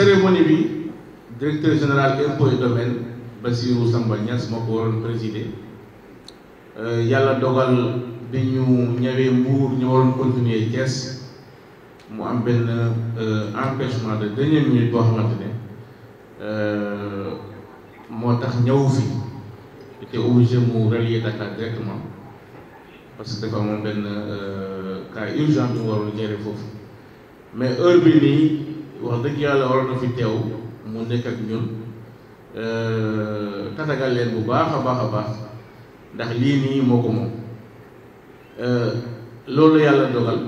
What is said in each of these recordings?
cérémonie bi directeur général impôt et domaine Bassirou Samba Niass moo ko waroon présider euh, yàlla dogal bi ñu ñëwee Mbour ñu waroon continuer Thiès mu am benn euh, empêchement de dernière minute boo xamante ne euh, moo tax ñëw fi te obligé mu relier Dakar directement parce que dafa amoon benn cas urgent bi mu waroon gérer foofu mais heure bi nii wax dëgg yàlla waroon na fi teew mu nekk ak ñun euh, tatagal leen bu baax a baax a baax ndax lii nii moo ko moom euh, loolu yàlla dogal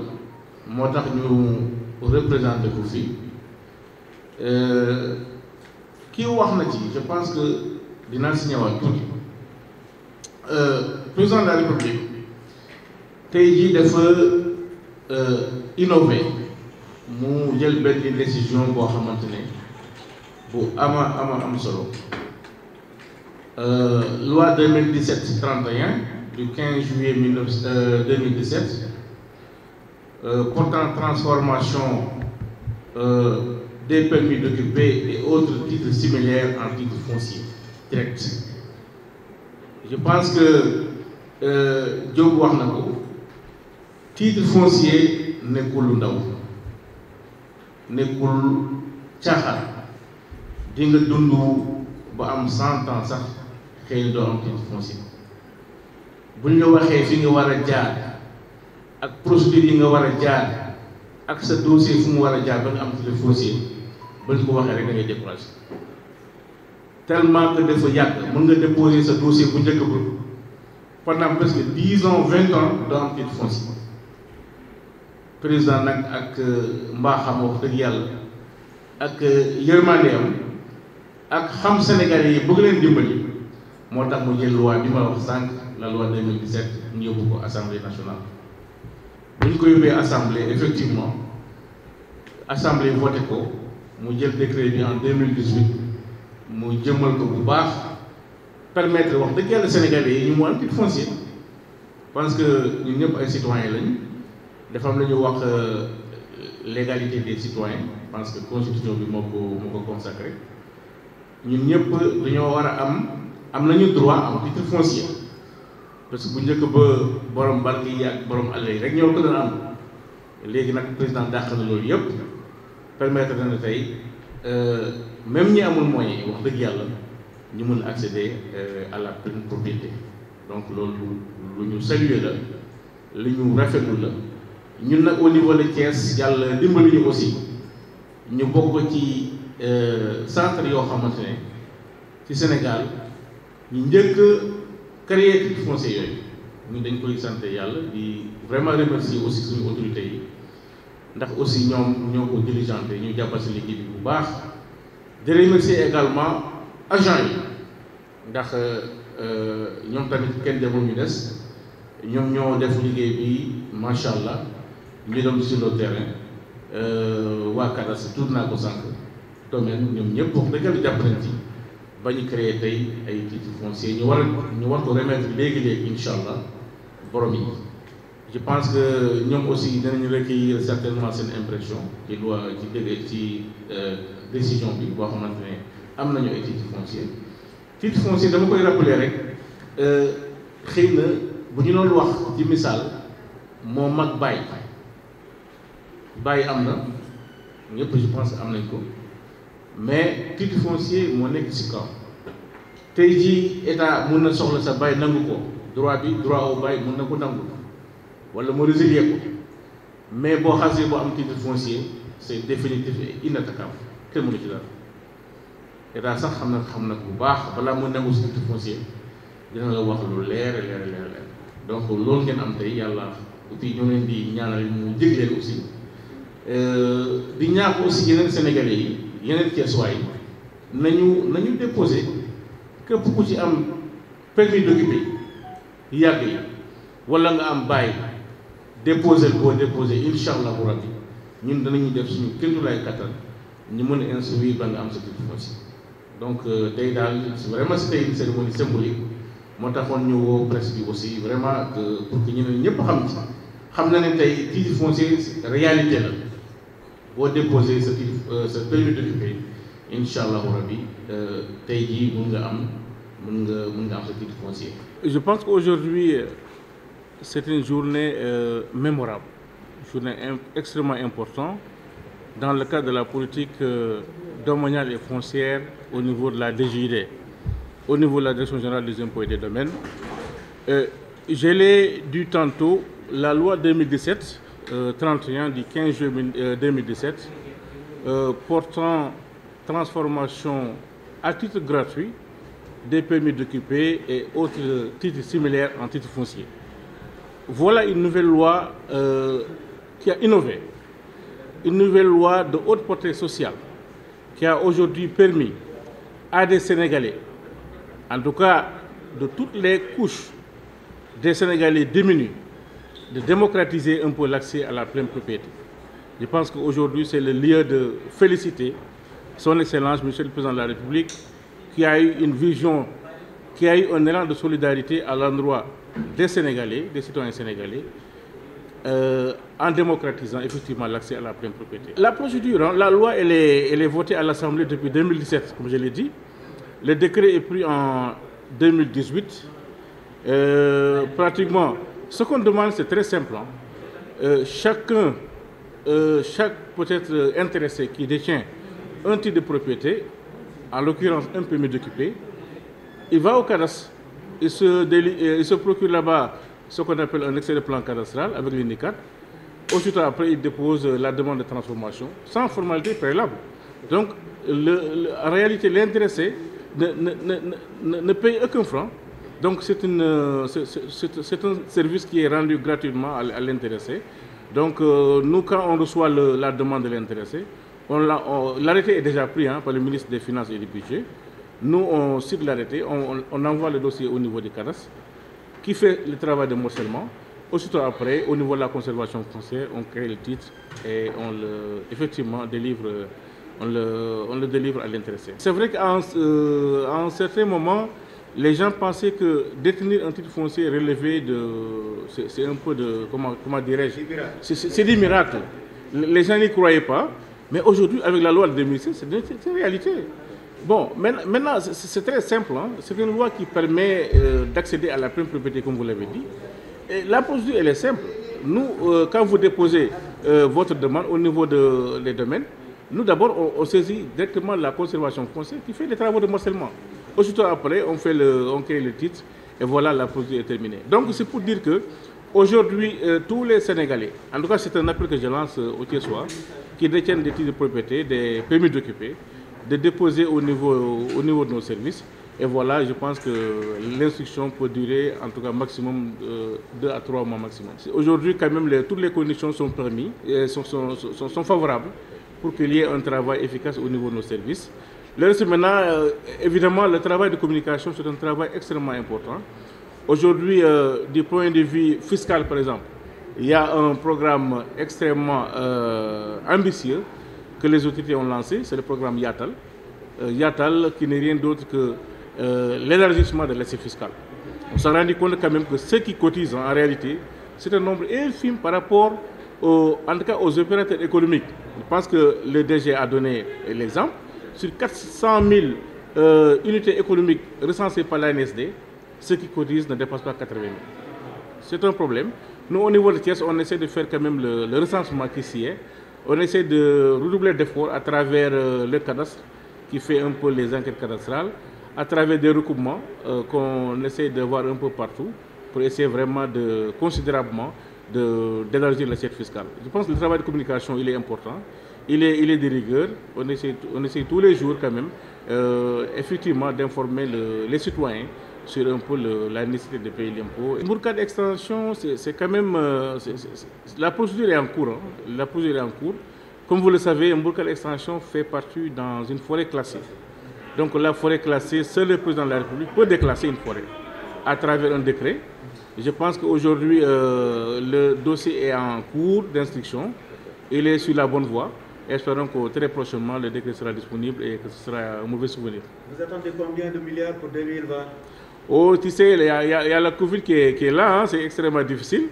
moo tax ñu représenté ko fii euh, wax na ci je pense que dinaa si ñëwaat tuuti président de république tey jii dafa innové mu jël benn décision boo xamante ne bu ama am am solo euh, loi 2017 31 du 15 juillet 2017 euh, euh, portant transformation des permis d'occuper et autres titres similaires en titres fonciers directs je pense que Diop wax na ko titre foncier nekkul lu ndaw nekkul caaxaan di nga dund ba am cent ans sax xëy doo am titre foncier buñ la waxee fi nga war a jaar ak procédure yi nga war a jaar ak sa dossier fu mu war a jaar ba nga am titre foncier ba ñu ko waxee rek da ngay découragé tellement que dafa yàgg mën nga déposer sa dossier bu njëkk ba pendant presque dix ans vingt ans doo am titre foncier président nag ak euh, mbaaxam wax dëgg yàlla ak euh, yërmandeem ak xam sénégal yi bëgg leen dimbali moo tax mu jël loi bi ma wax sànq la loi 2017 ñu yóbbu ko assemblée nationale. bu ñu ko yóbbee assemblée effectivement assemblée voté ko mu jël décret bi en 2018 mu jëmmal ko bu baax permettre wax dëgg yàlla Sénégalais yi ñu mu am titre foncier parce que ñun ñëpp ay citoyens lañu. dafa am lu ñu wax euh, l'égalité des citoyens parce que constitution bi moo ko moo ko consacré ñun ñëpp dañoo war a am am nañu droit am titre foncier parce que bu njëkk ba borom barke yi ak borom àll yi rek ñoo ko doon am léegi nag président dàq loolu yëpp permettre na ne tey euh, même ñi amul mooy wax dëgg yàlla ñu mën accéder euh, à la pleine propriété donc loolu lu ñu saluer la li ñu rafetlu la. ñun nag au niveau de Thiès yàlla dimbali ñu aussi ñu bokk ci euh, centre yoo xamante ne ci Sénégal ñu njëkk créer titre foncier yooyu ñu dañ koy sant yàlla di vraiment remercier aussi suñu autorité yi ndax aussi ñoom ñoo ko diligenté ñu jàppal si liggéey bi bu baax di remercier également agent yi ndax euh, euh, ñoom tamit kenn demul ñu des ñoom ñoo def liggéey bi macha allah ñu dem sur le terrain euh, waa cadastre tuur naa ko sànq domaine ñoom ñëpp wax dëgg yàlla jàpp nañ ci ba ñu créé tey ay titre foncier ñu war ñu wax ko remettre léegi-léegi incha allah borom yi je pense que ñoom aussi dinañu recueillir certainement seen impression ci loi ci dégg ci euh, décision bi boo xamante ne am nañu ay titre foncier titre foncier dama koy rappeler rek euh, xëy na bu ñu loolu wax ci misaal moo mag bàyyi. bàyyi am na ñépp je pense am nañ ko mais titre foncier moo nekk si kaw tey jii état mun na soxla sa bàyyi nangu ko droit bi droit au bàyyi mun na ko nangu wala mu résilier ko mais boo xasee boo am titre foncier c'est définitif et inattaquable kenn mënu ci dara état sax xam na xam na bu baax balaa mu nangu si titre foncier dina la wax lu leer leer leer donc loolu ngeen am tey yàlla outil ñoo leen di ñaanal mu jëg leen aussi Euh, di ñaax aussi yeneen sénégalais yi yeneen keesuwaay nañu nañu déposé képp ku ci am permis d'occuper yàgg yi wala nga am bàyyi déposé boo déposé incha allahu rabbi ñun danañu def suñu kéemtulaay kattan ñu mën a inscrire ba nga am sa titre foncier donc euh, tey daal vraiment si tey une cérémonie symbolique moo tax ñu woo presse aussi vraiment ak pour que ñeneen ñëpp xam ci xam na ne tey titre foncier réalité la. boo déposé sa euh, sa permis d'occuper incha allahu rabi euh, tey jii mun nga am mun nga mun nga am sa euh, dans le cadre de la politique euh, foncière au niveau de la DGID au niveau de la direction générale des impôts et des domaines euh, je l'ai dit tantôt la 31 euh, du 15 juillet 2017 euh, euh, portant transformation à titre gratuit des permis d'occuper et autres titres similaires en titres fonciers. Voilà une nouvelle loi euh, qui a innové, une nouvelle loi de haute portée sociale qui a aujourd'hui permis à des Sénégalais, en tout cas de toutes les couches des Sénégalais démunis, de démocratiser un peu l'accès à la pleine propriété. Je pense qu'aujourd'hui, c'est le lieu de féliciter son Excellence, Monsieur le Président de la République, qui a eu une vision, qui a eu un élan de solidarité à l'endroit des Sénégalais, des citoyens sénégalais, euh, en démocratisant effectivement la pleine propriété. La procédure, hein, la loi, elle est, elle est votée à l'Assemblée depuis 2017, comme je l'ai dit. Le décret est pris en 2018. Euh, pratiquement, Ce qu'on demande, c'est très simple. Hein. Euh, euh chaque peut-être euh, intéressé qui détient un titre de propriété, en l'occurrence un permis d'occuper, il va au cadastre, il se, délie, euh, il se procure là-bas ce qu'on appelle un excès de plan cadastral avec l'INICAT. Ensuite, après, la demande de transformation sans formalité préalable. Donc, le, le, en réalité, l'intéressé ne, ne, aucun franc Donc c'est une euh, c'est un service qui est rendu gratuitement à l'intéressé. Donc euh, nous quand on reçoit la demande de l'intéressé, on l'arrêté est déjà pris hein, par le ministre des Finances et du Budget. Nous on cite l'arrêté, on, on, on, envoie le dossier au niveau du CADAS qui fait le travail de morcellement. Aussitôt après, au niveau de la conservation foncière, on crée le titre et on le effectivement délivre on le, à l'intéressé. C'est vrai qu'à un, euh, les gens pensaient que détenir un titre foncier relevé de. C'est un peu de. Comment, comment dirais-je C'est des miracles. Les gens n'y croyaient pas, mais aujourd'hui, avec la loi de 2016, c'est une réalité. Bon, maintenant, c'est très simple. Hein. C'est une loi qui permet euh, d'accéder à la prime propriété, comme vous l'avez dit. Et la procédure, elle est simple. Nous, euh, quand vous déposez euh, votre demande au niveau des de, domaines, nous, d'abord, on, on, saisit directement la conservation foncière qui fait des travaux de morcellement. Aussitôt après, on, fait le, on crée le titre et voilà, la procédure est terminée. Donc c'est pour dire que aujourd'hui, euh, tous les Sénégalais, en tout cas c'est un appel que je lance euh, au Tiersois, qui détiennent des titres de propriété, des permis d'occuper, de déposer au niveau, au niveau de nos services. Et voilà, je pense que l'instruction peut durer en tout cas maximum euh, deux à trois mois maximum. Aujourd'hui, quand même, les, toutes les conditions sont permises, et euh, sont, sont, sont, sont favorables pour niveau de nos Le reste maintenant, euh, évidemment, le travail de communication, c'est un travail extrêmement important. Aujourd'hui, euh, du point de vue fiscal, par exemple, il y a un programme extrêmement euh, ambitieux que les autorités ont lancé, c'est le programme YATAL. Euh, YATAL qui n'est rien d'autre que euh, l'élargissement de l'essai fiscal. On s'est rendu compte quand même que ceux qui cotisent en réalité, c'est un nombre infime par rapport aux, en tout cas aux opérateurs économiques. Je pense que le DG a donné l'exemple. sur 400 000 euh, unités économiques recensées par l'ANSD, ceux qui cotisent ne dépassent pas 80 000. C'est un problème. Nous, au niveau de Thiès, on essaie de faire quand même le, le recensement qui s'y est. à travers euh, le cadastre qui fait un peu les enquêtes cadastrales, à travers des recoupements euh, qu'on essaie de voir un peu partout pour essayer vraiment de considérablement d'élargir l'assiette fiscale. Je pense communication, il important. il est, il est de rigueur. On essaie, on essaie tous les jours quand même, euh, effectivement, d'informer le, les citoyens sur un peu le, la nécessité de payer l'impôt. Pour cas d'extension, c'est quand même... Euh, c est, c est, la procédure est en cours. Hein. La procédure est en cours. Comme vous le savez, Mbourkal Extension fait partie dans une forêt classée. Donc la forêt classée, seul le président de la République peut déclasser une forêt à travers un décret. Je pense qu'aujourd'hui, euh, le dossier est en cours d'instruction. Il est sur la bonne voie. Espérons que très prochainement, le décret sera disponible et que ce sera un mauvais souvenir. Vous attendez combien de milliards pour Oh, tu il y, a la Covid qui est, là, c'est extrêmement difficile.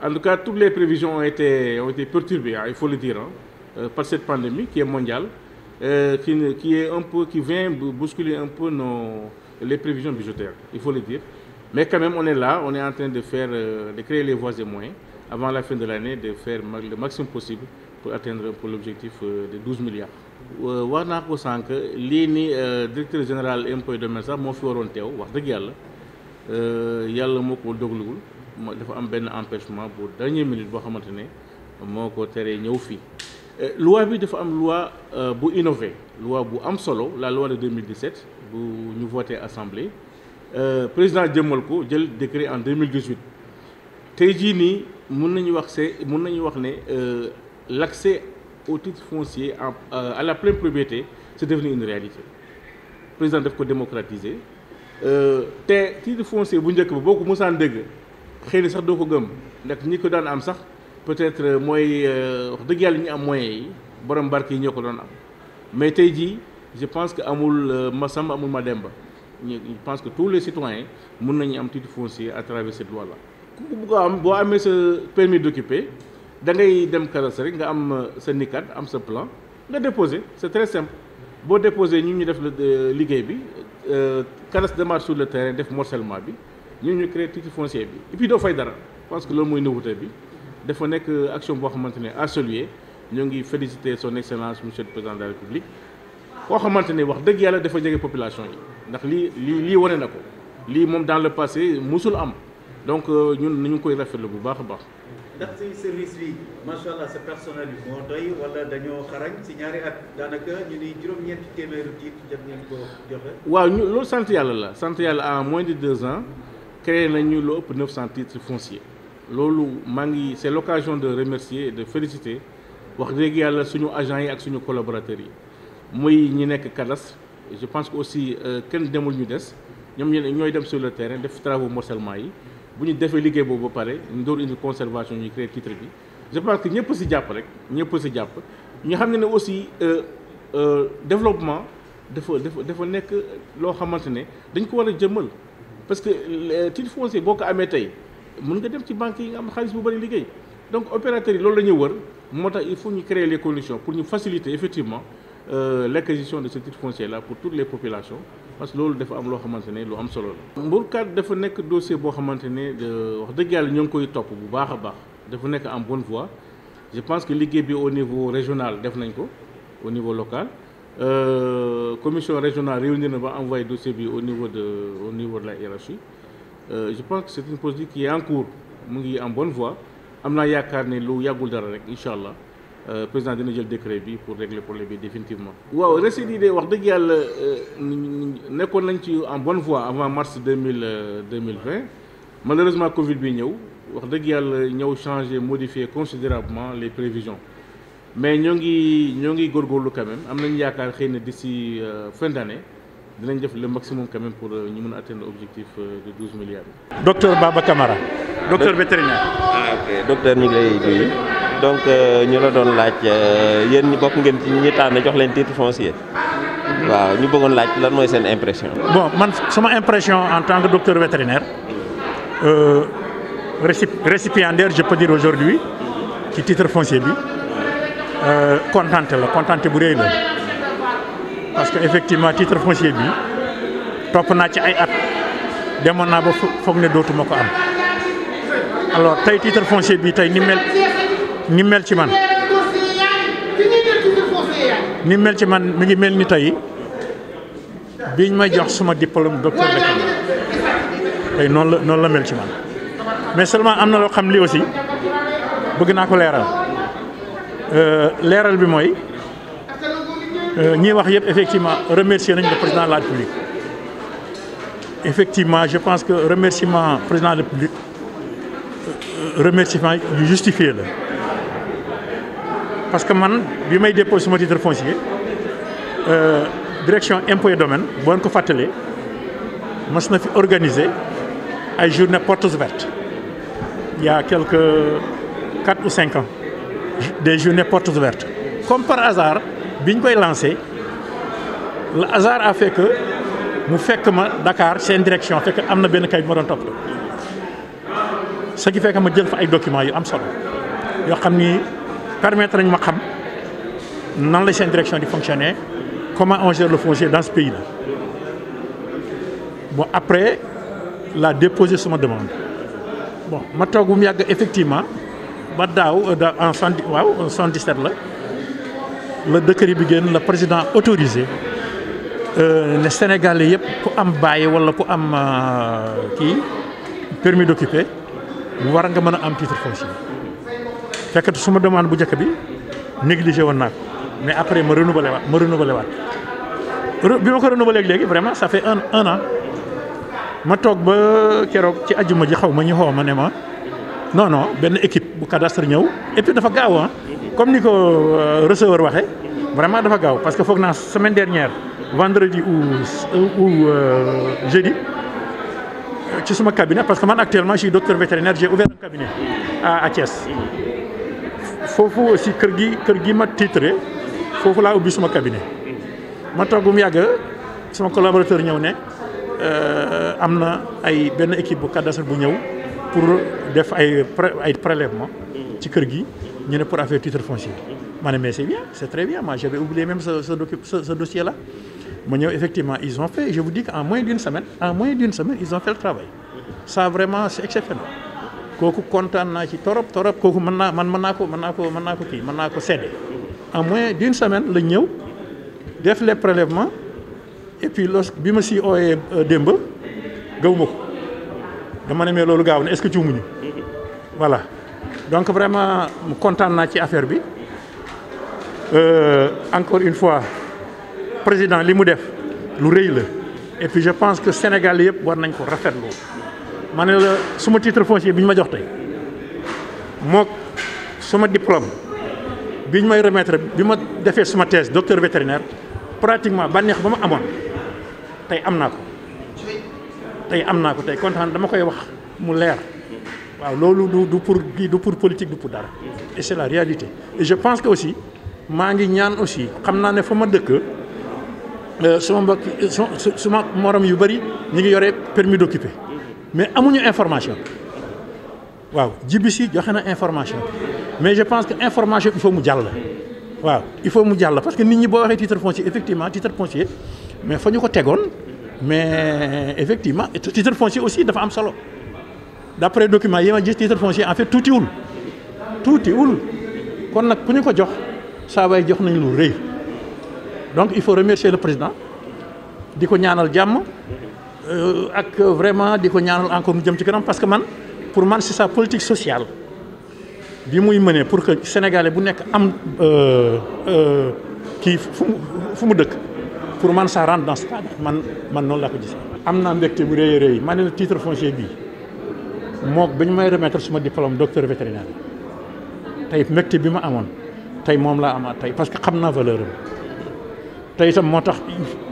En tout cas, toutes les prévisions ont été, ont été perturbées, hein, il faut le dire, euh, par cette pandémie qui est mondiale, euh, qui, un peu, qui vient bousculer un peu nos, les prévisions budgétaires, il faut le dire. Mais quand même, on est là, on est en train de, faire, euh, de créer les voies et moyens avant la fin de l'année, de faire le maximum possible pour atteindre pour l'objectif euh, de 12 milliards euh, wax naa ko sànq lii ni euh, directeur général impôt et domaine sax moo fi waroon teew wax dëgg yàlla yàlla moo ko dogluwul dafa am benn empêchement bu dernière minute boo xamante ne moo ko teree ñëw fii loi bi dafa am loi bu innové loi bu am solo la loi de 2017 bu ñu voté assemblée président jëmmal ko jël décret en 2018 tey jii nii mun nañu wax c'est mun nañu wax ne l'accès au titre foncier en euh, à la pleine propriété c'est devenu une réalité président def ko démocratiser euh, te titre foncier bu njëkk ba boo ko mosaan dëgg xëy na sax doo ko gëm ndax ñi ko daan am sax peut-être euh, mooy wax dëgg yàlla ñu am moyens yi borom barke yi ñoo ko doon am mais tey jii je pense que amul Massamba amul Mademba ñu pense que tous les citoyens mun nañu am titre foncier à travers cette loi ku ko bugg a am boo amee sa permis d'occuper da ngay dem rek nga am euh, sa nikat am sa plan nga déposer c'est très simple boo déposer ñu ñu def euh, liggéey bi euh, carrosse démarre sur le terrain def morcellement bi ñu ñu créer titre foncier bi et puis doo fay dara parce que loolu mooy nouveauté bi dafa nekk action boo xamante ne à saluer ñoo ngi féliciter son excellence monsieur le président de la république koo xamante ne wax dëgg yàlla dafa jege population yi ndax li lii lii wane na ko lii moom dans le passé musul am donc euh, ñun nañu koy rafetlu bu baax a baax. ndax si service bi macha sa personnel bi moo doy wala dañoo xarañ si ñaari at daanaka ñu ni juróom-ñeenti téeméeru titre def ngeen ko joxe. waaw ñu loolu sant la sant en moins de deux ans créé nañu lu ëpp neuf cent titres loolu maa ngi c'est l'occasion de remercier de féliciter wax dëgg yàlla suñu agent yi ak suñu collaborateurs yi muy ñi nekk cadastre je pense que aussi euh, kenn demul ñu des ñoom ñooy dem sur terrain def travaux morcellement yi. bu ñu defee liggéey boobu ba pare ñu door indi conservation ñu créé titre bi je pense que ñëpp si jàpp rek ñëpp si jàpp ñu xam ne ne aussi euh, euh, développement dafa dafa dafa nekk loo xamante ne dañ ko war a jëmmal parce que euh, titre foncier boo ko amee tey mën nga dem ci banque yi nga am xaalis bu bëri liggéey donc opérateurs yi loolu la ñuy wër moo tax il faut ñu créer les conditions pour ñu faciliter effectivement Euh, l' acquisition de ce titre foncier là pour toutes les populations parce que loolu dafa am loo xamante ne lu am solo la. Mbourkat dafa nekk dossier boo xamante ne euh, wax dëgg yàlla ñoo ngi koy topp bu baax a baax dafa nekk en bonne voie je pense que liggéey bi au niveau régional def nañ ko au niveau local euh, commission régionale réunir ne ba envoyé dossier bi au niveau de au niveau de la hiérarchie euh, je pense que c' est une procédure qui en cours mu ngi am bon voie am naa yaakaar ne lu yàggul dara rek incha allah. Euh, président dina jël décret bi pour régler problème bi définitivement. waaw récidive wax dëgg yàlla euh, nekkoon nañ ci en bonne voie avant mars deux mille euh, deux mille vingt malheureusement Covid bi ñëw wax dëgg yàlla ñëw changé modifier considérablement les prévisions mais ñoo ngi ñoo ngi góorgóorlu quand même am nañu yaakaar xëy na d'ici fin d'année dinañ def le maximum quand même pour ñu mun a atteindre objectif de douze milliards. docteur Baba Camara. docteur vétérinaire. ah donc euh, ñu la doon laaj euh, yéen ñu bokk ngeen ci ñi tànn jox leen titre foncier. waaw ñu bëggoon laaj lan mooy seen impression. bon man sama impression en tant que docteur vétérinaire euh, récipiendaire je peux dire aujourd'hui ci titre foncier bi kontante euh, la kontante bu rëy la parce que effectivement titre foncier bi topp naa ci ay at demoon naa ba foog ne dootuma ko am alors tey titre foncier bi tey ni mel. ni mel ci man ni mel ci man mi ngi mel ni tey biñ ma jox suma diplôme docteur d'économie tey noonu la noonu la mel ci man mais seulement am na loo xam li aussi bëgg naa ko leeral euh, leeral bi mooy euh, ñuy wax yëpp effectivement remercier nañ le président de la République effectivement je pense que remerciement président de la République euh, remerciement yu la parce que man bi may déposé sama titre foncier euh, direction impôt et domaine boo leen ko fàttalee mas na fi organiser ay journée portes ouvertes il y a quelques quatre ou cinq des journées portes ouvertes comme par hasard biñ koy lancé la hasard a fait mu fekk ma dakaar seen direction fekk am na benn kay bi ma doon toppatoo ce qui fait ma jël fa ay documents yu am solo yoo xam ni. permettre nañ ma xam nan la seen direction di fonctionner comment on gère le foncier dans ce pays la bon après la déposer sama demande bon ma toog bu mu yàgg effectivement ba daaw euh, en soixante waaw soixante-dix-sept la le décret bi génn le président autorisé euh, ne Sénégalais yëpp ku am bàyyi wala ku am euh, kii permis d'occuper war nga mën a am titre foncier. fekk suma demande bu jëkk bi négligé woon naa ko mais après ma renouvelé waat ma renouvelé waat bi ma ko renouvelé léegi vraiment ça fait un un an ma toog ba keroog ci ajuma ji xaw ma ñu xoo ma ne ma non non benn équipe bu cadastre ñëw et puis dafa gaaw ah comme ni ko euh, receveur waxe vraiment dafa gaaw parce que foog naa semaine dernière vendredi ou ou euh, jeudi euh, ci suma cabinet parce que man actuellement je suis docteur vétérinaire j'ai ouvert un cabinet à à Thiès foofu aussi kër gi kër gi ma titré foofu laa ubbi suma cabinet ma toog bu mu yàgg sama collaborateur ñëw ne euh, am na ay benn équipe bu cadastre bu ñëw pour def ay ay prélèvement ci kër gi ñu ne pour affaire titre foncier ma ne mais c'est bien c'est très bien moi j'avais oublié même ce ce dossier là ma ñëw effectivement ils ont fait je vous dis qu'en moins d'une semaine en moins d'une semaine ils ont fait le travail ça vraiment exceptionnel kooku kontaan naa ci torop torop kooku mën naa man mën naa ko mën naa ko mën naa ko kii man naa ko sedde en moins d'une semaine lañ ñëw def le prélèvements et puis lorsque bi ma si ooyee euh, démb gawuma ko dama ne loolu gaaw na est-ce que ci muñu voilà donc vraiment kontaan naa ci affaire bi euh, encore une fois président li mu def lu rëy la et puis je pense que Sénégal yëpp war nañ ko rafetlu ma ne la suma titre foncier bi ñu ma jox tey mook suma diplôme bi ñu may remettre bi ma defee suma thèse docteur vétérinaire pratiquement bànneex ba ma amoon tey am naa ko tey am naa ko tey kontaan dama koy wax mu leer waaw loolu du du pour du pour politique du pour dara et c'est la réalité et je pense que aussi maa ngi ñaan aussi xam naa ne fa ma dëkk euh, suma mbokk suma morom yu bëri ñu ngi yore permis d'occuper mais amuñu information waaw jibi joxe na information mais je pense que information il faut mu jàll waaw il faut mu jàll parce que nit ñi boo waxee titre foncier effectivement titre foncier mais fa ñu ko tegoon mais effectivement titre foncier aussi dafa am solo d'après document yi ma gis titre foncier en fait tuutiwul tuutiwul kon nag ku ñu ko jox saa waay jox nañu lu rëy donc il faut remercier le président di ko ñaanal jàmm Euh, ak euh, vraiment di ko ñaanal encore mu jëm ci kanam parce que man pour man si sa politique sociale bi muy mënee pour que sénégalais bu nekk am euh, kii fu mu fu mu dëkk pour man sa rentre dans ce man man noonu laa ko gisee. am naa mbégte bu rëy a rëy ne la tiitre foncier bii mook bi ñu may remettre suma diplôme docteur vétérinaire tey mbégte bi ma amoon tey moom laa am a tey parce que xam naa valeur am tey itam moo tax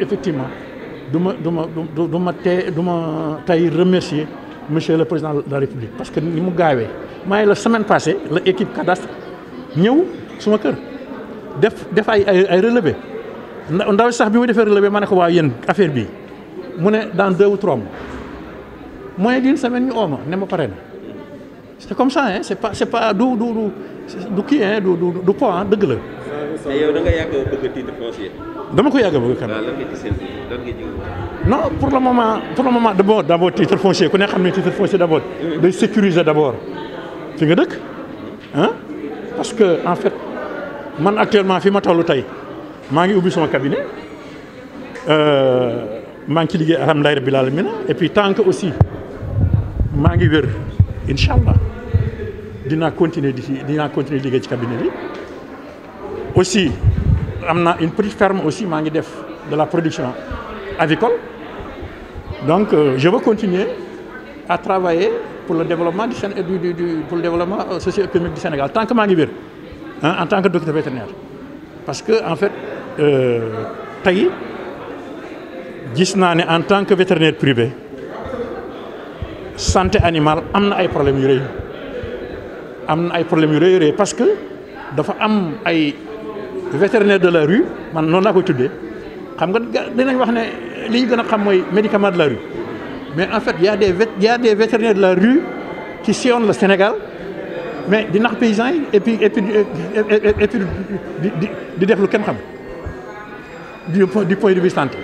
effectivement. du ma du ma du ma tee du ma tey remercier monsieur le président de la république parce que ni mu gaawee maa ngi la semaine passée la équipe cadastre ñëw suma kër def def ay ay relevé ndaw sax bi mu defee relevé ma ne ko waa yéen affaire bi mu ne dans deux ou trois mois moins d'une semaine ñu oo ma ne ma pare na c'est comme ça hein c'est pas c'est pas du du du du kii du point dëgg la. da dama ko yàgg a bëgg kan. non pour le moment pour le moment d'abord d'abord titre foncier ku ne xam ne titre foncier d'abord day sécuriser d'abord fi nga dëkk parce que en fait man actuellement fi ma tollu tey maa ngi ubbi sama cabinet euh, maa ngi ci liggéey alhamdulilah rabbil alamin et puis tant que aussi maa ngi wér incha allah dina continuer di dinaa continuer liggéey ci cabinet bi aussi. am na une petite ferme aussi maa ngi def de la production avicole donc euh, je veux continuer à travailler pour le développement du du du du pour le développement euh, socio-économique du Sénégal tant que maa ngi wér en tant que docteur vétérinaire parce que en fait euh, tey gis naa ne en tant que vétérinaire privé santé animale am na ay problèmes yu rëy am na ay problèmes yu rëy rëy parce que dafa am ay. vétérinaire de la rue man noonu laa koy tuddee xam nga dinañ wax ne li ñu gën a xam mooy médicament de la rue mais en fait y a des y a des vétérinaires de la rue qui sillonnent le Sénégal mais di nax paysans yi et puis et di di def lu kenn xam du point du point de vue santé.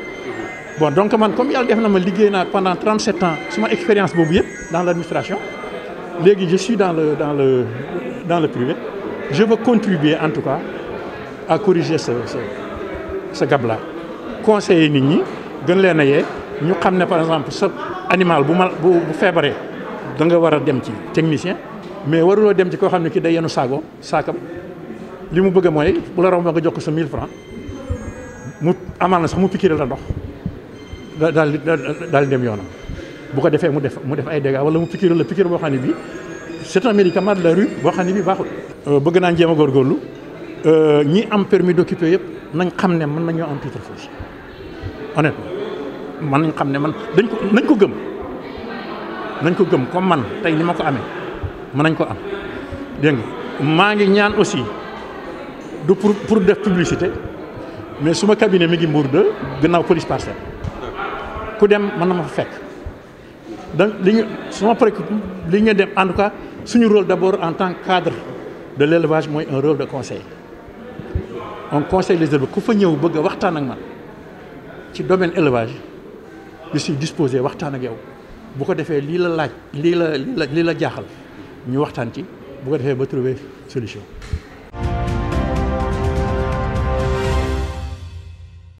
bon donc man comme yàlla def na ma liggéey naa pendant 37 ans suma expérience boobu yëpp dans l' administration léegi je suis dans le dans le dans le privé je veux contribuer en tout cas. à corriger ce ce ce gab-là nit ñi gën leen a yee ñu xam ne par exemple sa animal bu mal bu bu feebaree da nga war a dem ci technicien mais waruloo dem ci koo xam ne kii day yenu saago saakam li mu bëgg mooy bu la romb nga jox ko sa mille francs mu amal na sax mu pikiral la ndox daal daal dem yoonam bu ko defee mu def mu def ay dégâts wala mu pikiral la pikir boo xam ne bi c'est un médicament de la rue boo xam ne bi baaxul. Euh, bëgg naa jéem a góorgóorlu. Euh, ñi am permis d'occuper yëpp nañ xam ne mën nañoo am titre foncier honnêtement mën nañ xam ne man dañ ko nañ ko gëm nañ ko gëm comme man tey ni ma ko amee mën nañ ko am dégg nga maa ngi ñaan aussi du pour pour def publicité mais suma cabinet mi ngi Mbour 2 gannaaw police parcelle ku dem mën na ma fa fekk donc li ñu su suma préoccupe li ñu dem en tout cas suñu rôle d'abord en tant que cadre de l'élevage mooy un rôle de conseil on conseille les éleveurs ku fa ñëw bëgg waxtaan ak man ci domaine élevage je suis disposé waxtaan ak yow bu ko defee lii la laaj lii la lii la lii la jaaxal ñu waxtaan ci bu ko defee ba trouver solution